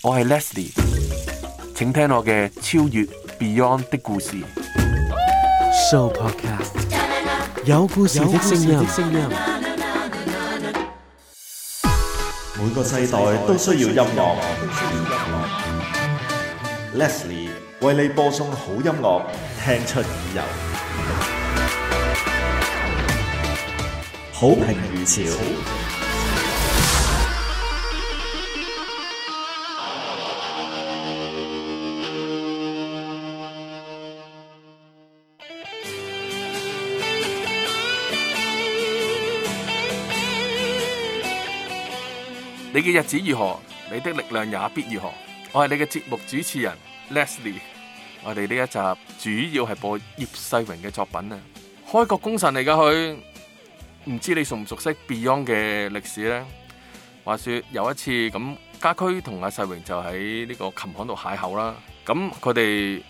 我係 Leslie，請聽我嘅超越 Beyond 的故事。Show Podcast，有故事的聲音，每個世代都需要音樂，Leslie 為你播送好音樂，聽出耳油，好評如潮。你嘅日子如何？你的力量也必如何？我係你嘅節目主持人 Leslie。我哋呢一集主要係播葉世榮嘅作品啊，開國功臣嚟㗎佢。唔知你熟唔熟悉 Beyond 嘅歷史咧？話說有一次咁，家駒同阿世榮就喺呢個琴行度邂逅啦。咁佢哋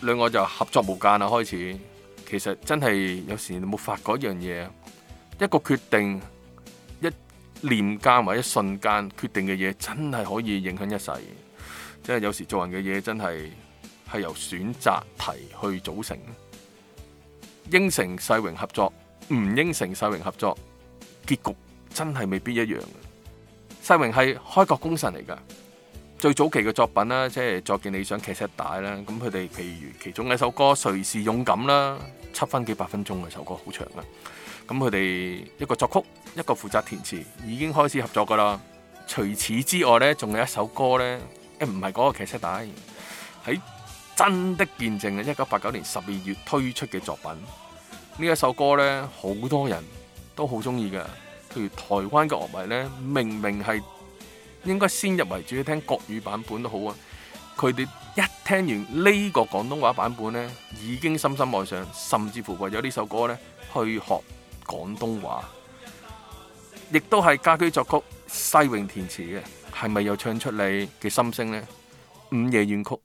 兩個就合作無間啊，開始。其實真係有時你冇發覺一樣嘢，一個決定。念間或者瞬間決定嘅嘢，真係可以影響一世。即係有時做人嘅嘢，真係係由選擇題去組成。應承世榮合作，唔應承世榮合作，結局真係未必一樣。世榮係開國功臣嚟噶，最早期嘅作品啦，即係《再見理想》嗰隻帶啦。咁佢哋譬如其中一首歌《誰是勇敢》啦，七分幾八分鐘嘅首歌，好長嘅。咁佢哋一個作曲，一個負責填詞，已經開始合作㗎喇。除此之外呢，仲有一首歌呢，誒唔係嗰個《騎車仔》，喺真的見證嘅一九八九年十二月推出嘅作品。呢一首歌呢，好多人都好中意㗎。譬如台灣嘅樂迷呢，明明係應該先入為主去聽國語版本都好啊。佢哋一聽完呢個廣東話版本呢，已經深深愛上，甚至乎為咗呢首歌呢去學。廣東話亦都係家駒作曲，世榮填詞嘅，係咪又唱出你嘅心聲咧？午夜怨曲。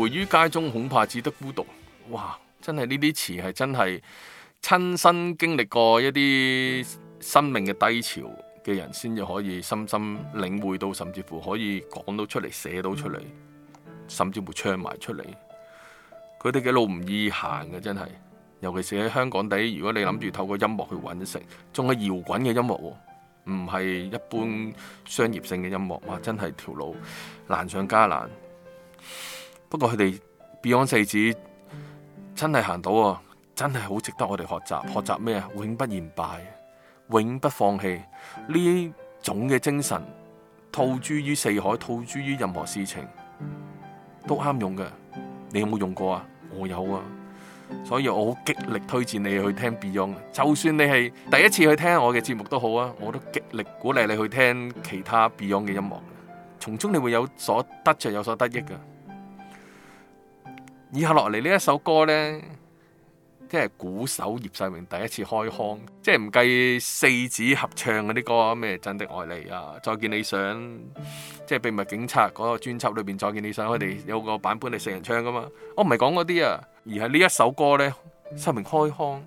回於街中恐怕只得孤獨，哇！真係呢啲詞係真係親身經歷過一啲生命嘅低潮嘅人先至可以深深領會到，甚至乎可以講到出嚟、寫到出嚟，甚至乎唱埋出嚟。佢哋嘅路唔易行嘅，真係。尤其是喺香港地，如果你諗住透過音樂去搵食，仲係搖滾嘅音樂喎，唔係一般商業性嘅音樂哇！真係條路難上加難。不過佢哋 Beyond 四子真係行到，真係好值得我哋學習。學習咩啊？永不言敗，永不放棄呢種嘅精神，套諸於四海，套諸於任何事情都啱用嘅。你有冇用過啊？我有啊，所以我好極力推薦你去聽 Beyond。就算你係第一次去聽我嘅節目都好啊，我都極力鼓勵你去聽其他 Beyond 嘅音樂，從中你會有所得著，有所得益嘅。.以下落嚟呢一首歌呢，即係鼓手葉世榮第一次開腔，即係唔計四子合唱嗰啲歌，咩真的愛你啊，再見理想，即係秘密警察嗰個專輯裏面再見理想，我哋有個版本係四人唱噶嘛。我唔係講嗰啲啊，而係呢一首歌呢，世榮開腔，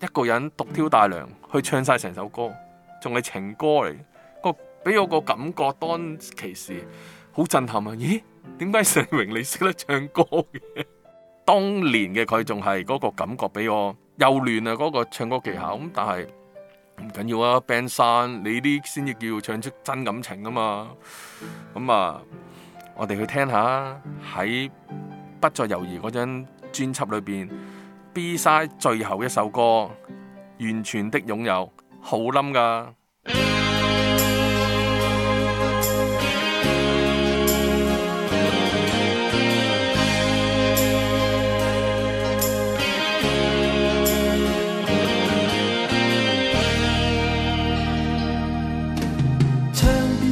一個人獨挑大梁去唱晒成首歌，仲係情歌嚟，個俾我個感覺當其時好震撼啊！咦？點解成榮你識得唱歌嘅？當年嘅佢仲係嗰個感覺俾我幼嫩啊，嗰個唱歌技巧咁，但係唔緊要啊。Band 山，你啲先至叫唱出真感情啊嘛。咁、嗯、啊，我哋去聽下喺不再猶豫嗰張專輯裏邊，B side 最後一首歌《完全的擁有》，好冧㗎。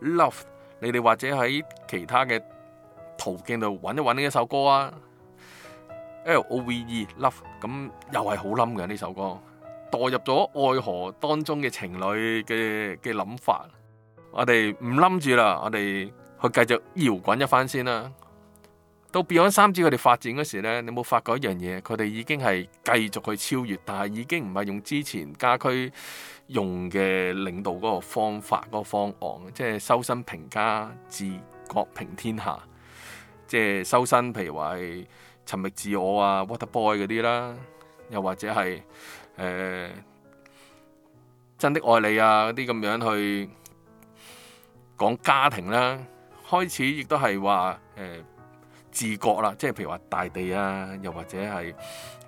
Love，你哋或者喺其他嘅途徑度揾一揾呢一首歌啊，L O V E love，咁又係好冧嘅呢首歌，墮入咗愛河當中嘅情侶嘅嘅諗法。我哋唔冧住啦，我哋去繼續搖滾一番先啦。到 Beyond 三子佢哋發展嗰時咧，你冇發覺一樣嘢，佢哋已經係繼續去超越，但係已經唔係用之前家駒。用嘅領導嗰個方法、嗰、嗰個方案，即係修身平家治國平天下。即係修身，譬如話係尋覓自我啊 Water Boy 嗰啲啦，又或者係誒、呃、真的愛你啊嗰啲咁樣去講家庭啦。開始亦都係話誒治國啦，即係譬如話大地啊，又或者係誒、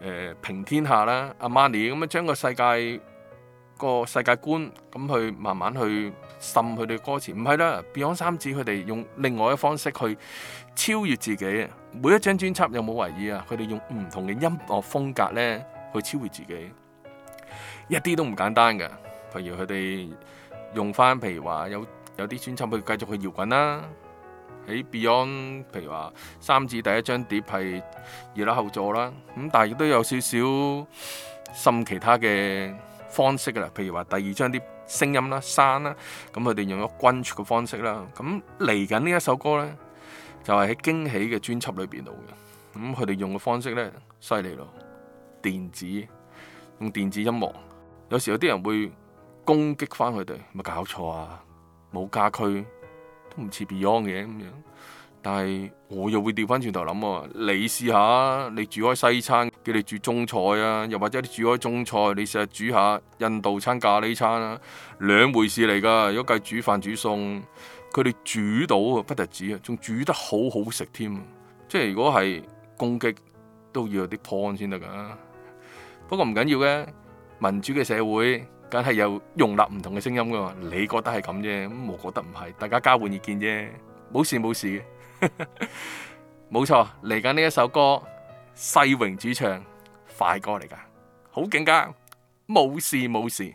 呃、平天下啦，阿瑪尼咁樣將個世界。個世界觀咁去慢慢去滲佢哋歌詞，唔係啦。Beyond 三子佢哋用另外一方式去超越自己。每一張專輯有冇為意啊？佢哋用唔同嘅音樂風格呢去超越自己，一啲都唔簡單嘅。譬如佢哋用翻，譬如話有有啲專輯佢繼續去搖滾啦。喺 Beyond，譬如話三子第一張碟係二樓後座啦，咁但係亦都有少少滲其他嘅。方式噶啦，譬如話第二張啲聲音啦、山啦，咁佢哋用咗軍嘅方式啦。咁嚟緊呢一首歌咧，就係喺驚喜嘅專輯裏邊度嘅。咁佢哋用嘅方式咧，犀利咯，電子，用電子音樂。有時有啲人會攻擊翻佢哋，咪搞錯啊，冇家駒都唔似 Beyond 嘅咁樣。但係我又會調翻轉頭諗啊，你試下，你煮開西餐。叫你煮中菜啊，又或者你煮開中菜，你試下煮下印度餐、咖喱餐啊，兩回事嚟噶。如果計煮飯煮餸，佢哋煮到啊，不得止啊，仲煮得好好食添啊。即係如果係攻擊，都要有啲 point 先得噶。不過唔緊要嘅，民主嘅社會梗係有容納唔同嘅聲音噶嘛。你覺得係咁啫，咁我覺得唔係，大家交換意見啫，冇事冇事嘅。冇錯，嚟緊呢一首歌。世榮主唱快歌嚟㗎，好勁㗎，冇事冇事。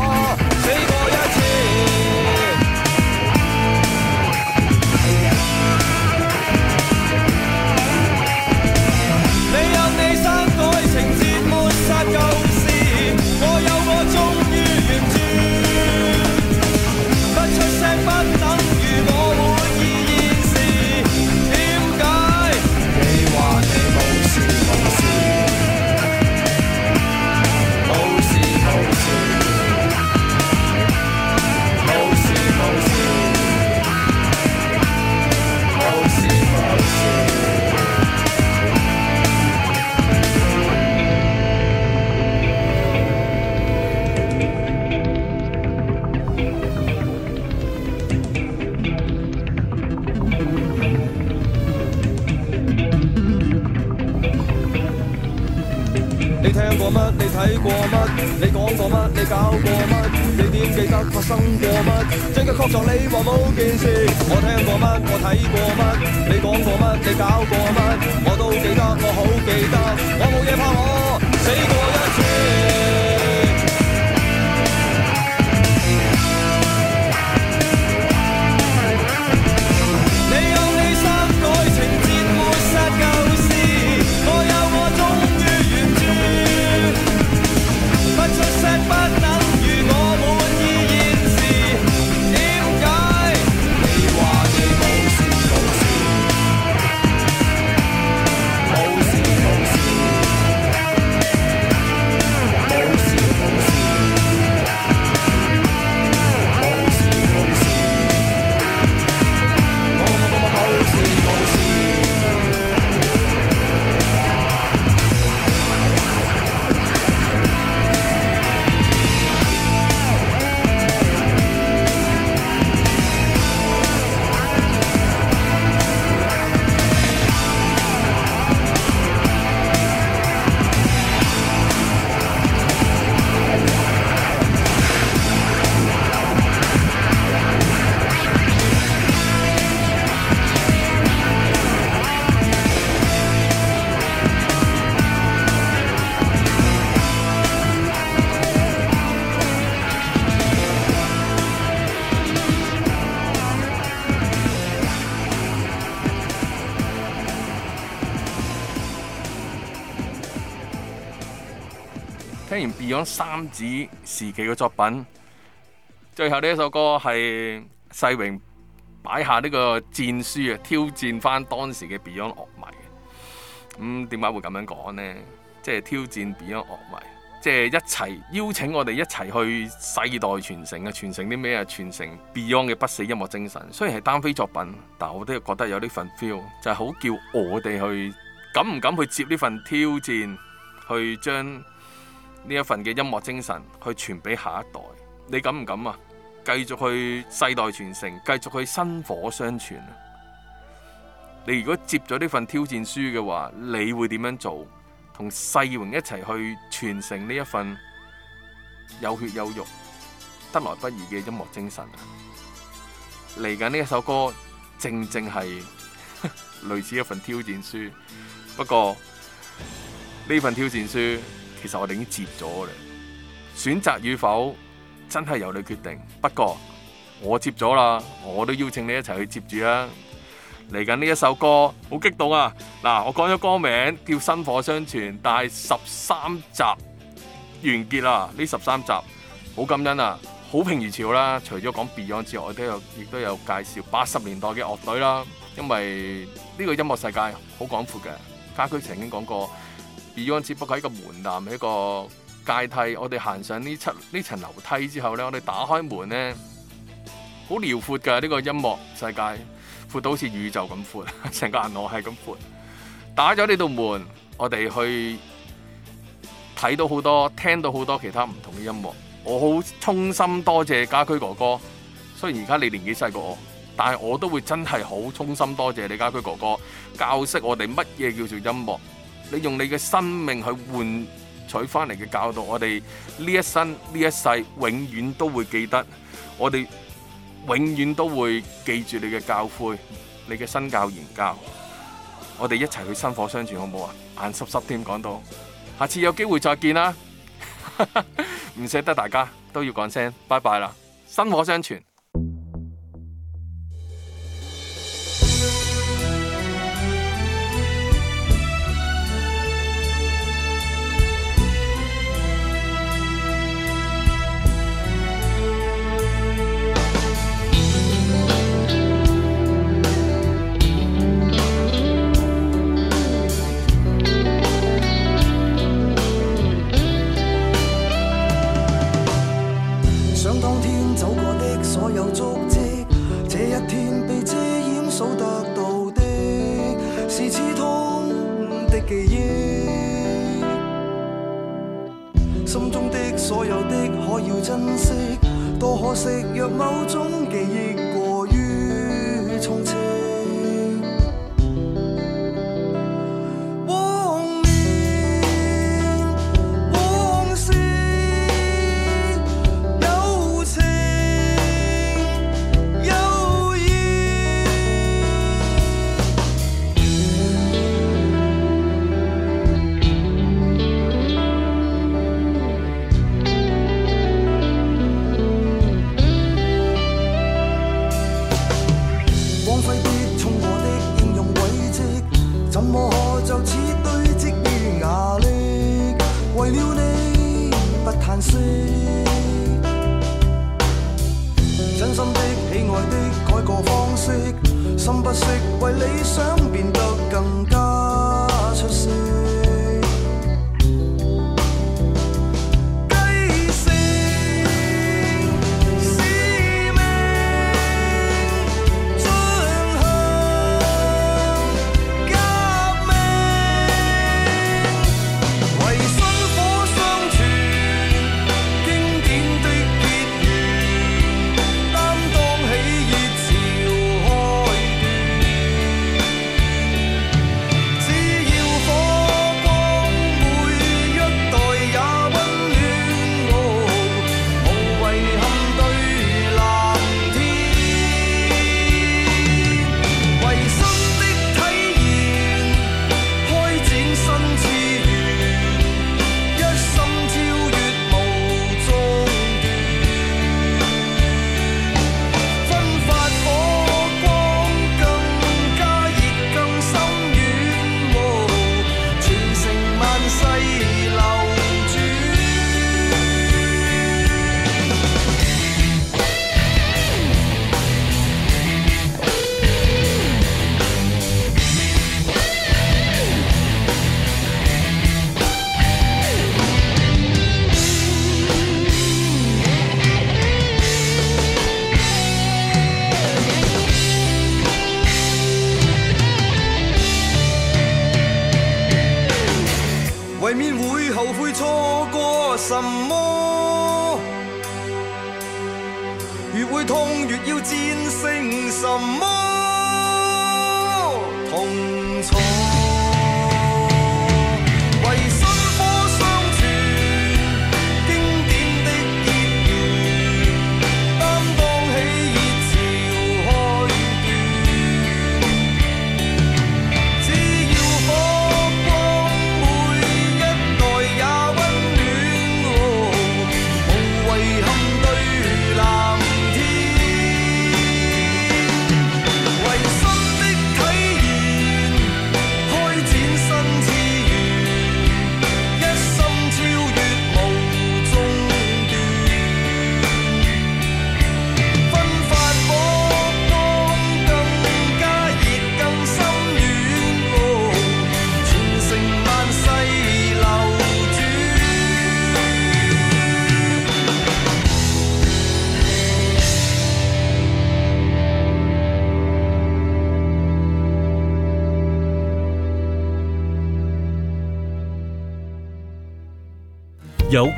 過乜？你搞過乜？你點記得發生過乜？正確確你話冇件事。我聽過乜？我睇過乜？你講過乜？你搞過乜？我都記得，我好記得，我冇嘢怕，我死過一次。三子時期嘅作品，最後呢一首歌係世榮擺下呢個戰書啊，挑戰翻當時嘅 Beyond 樂迷。咁點解會咁樣講呢？即係挑戰 Beyond 樂迷，即係一齊邀請我哋一齊去世代傳承啊！傳承啲咩啊？傳承 Beyond 嘅不死音樂精神。雖然係單飛作品，但我都覺得有呢份 feel，就係好叫我哋去敢唔敢去接呢份挑戰，去將。呢一份嘅音樂精神去傳俾下一代，你敢唔敢啊？繼續去世代傳承，繼續去薪火相傳啊！你如果接咗呢份挑戰書嘅話，你會點樣做？同世榮一齊去傳承呢一份有血有肉、得來不易嘅音樂精神。嚟緊呢一首歌，正正係類似一份挑戰書，不過呢份挑戰書。其實我哋已經接咗啦，選擇與否真係由你決定。不過我接咗啦，我都邀請你一齊去接住啦。嚟緊呢一首歌好激動啊！嗱，我講咗歌名叫《薪火相傳》，但係十三集完結啦。呢十三集好感恩啊，好評如潮啦。除咗講 Beyond 之外，我都有亦都有介紹八十年代嘅樂隊啦。因為呢個音樂世界好廣闊嘅，家駒曾經講過。要安只不過喺個門檻，一個階梯。我哋行上呢七呢層樓梯之後咧，我哋打開門咧，好遼闊嘅呢個音樂世界，闊到好似宇宙咁闊，成個銀河系咁闊。打咗呢度門，我哋去睇到好多，聽到好多其他唔同嘅音樂。我好衷心多謝家駒哥哥。雖然而家你年紀細過我，但係我都會真係好衷心多謝你家駒哥哥教識我哋乜嘢叫做音樂。你用你嘅生命去換取翻嚟嘅教導，我哋呢一生呢一世永遠都會記得，我哋永遠都會記住你嘅教誨，你嘅身教言教，我哋一齊去薪火相傳好唔好啊？眼濕濕添，講到，下次有機會再見啦，唔捨得大家都要講聲拜拜啦，薪火相傳。